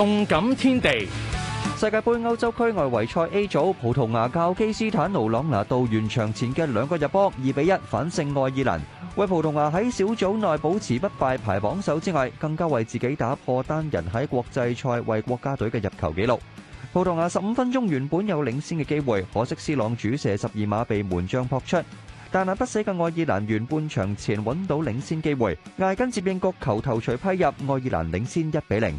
動感天地，世界盃歐洲區外圍賽 A 組，葡萄牙靠基斯坦奴朗拿度完場前嘅兩個入波，二比一反勝愛爾蘭，為葡萄牙喺小組內保持不敗排榜首之外，更加為自己打破單人喺國際賽為國家隊嘅入球紀錄。葡萄牙十五分鐘原本有領先嘅機會，可惜斯朗主射十二碼被門將撲出，但係不死嘅愛爾蘭完半場前揾到領先機會，艾根接應角球頭槌批入，愛爾蘭領先一比零。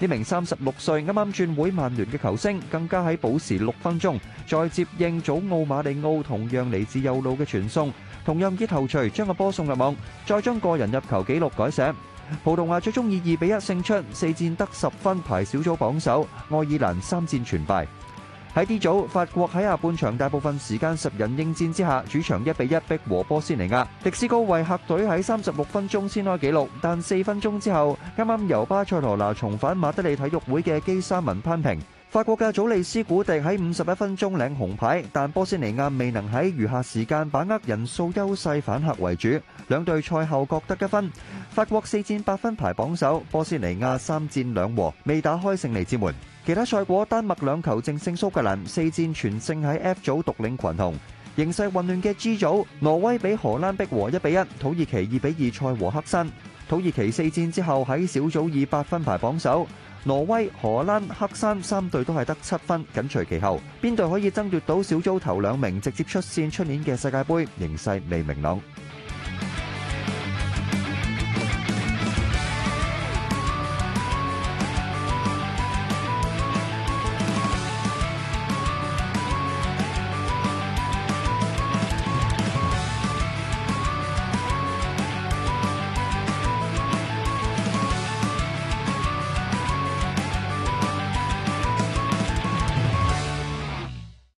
呢名三十六歲啱啱轉會曼聯嘅球星，更加喺補時六分鐘再接應祖奧馬利奧同樣嚟自右路嘅傳送，同樣以頭槌將個波送入網，再將個人入球紀錄改寫。葡萄牙最終以二比一勝出，四戰得十分排小組榜首，愛爾蘭三戰全敗。喺 D 組，法國喺下半場大部分時間十人應戰之下，主場一比一逼和波斯尼亞。迪斯高為客隊喺三十六分鐘先開紀錄，但四分鐘之後，啱啱由巴塞羅那重返馬德里體育會嘅基沙文扳平。法國嘅祖利斯古迪喺五十一分鐘領紅牌，但波斯尼亞未能喺餘下時間把握人數優勢反客為主，兩隊賽後各得，得一分。法國四戰八分排榜首，波斯尼亞三戰兩和，未打開勝利之門。其他賽果，丹麥兩球正勝蘇格蘭，四戰全勝喺 F 組獨領群雄。形勢混亂嘅 G 組，挪威比荷蘭逼和一比一，土耳其二比二賽和黑山。土耳其四戰之後喺小組以八分排榜首，挪威、荷蘭、黑山三隊都係得七分，緊隨其後。邊隊可以爭奪到小組頭兩名，直接出線出年嘅世界盃？形勢未明朗。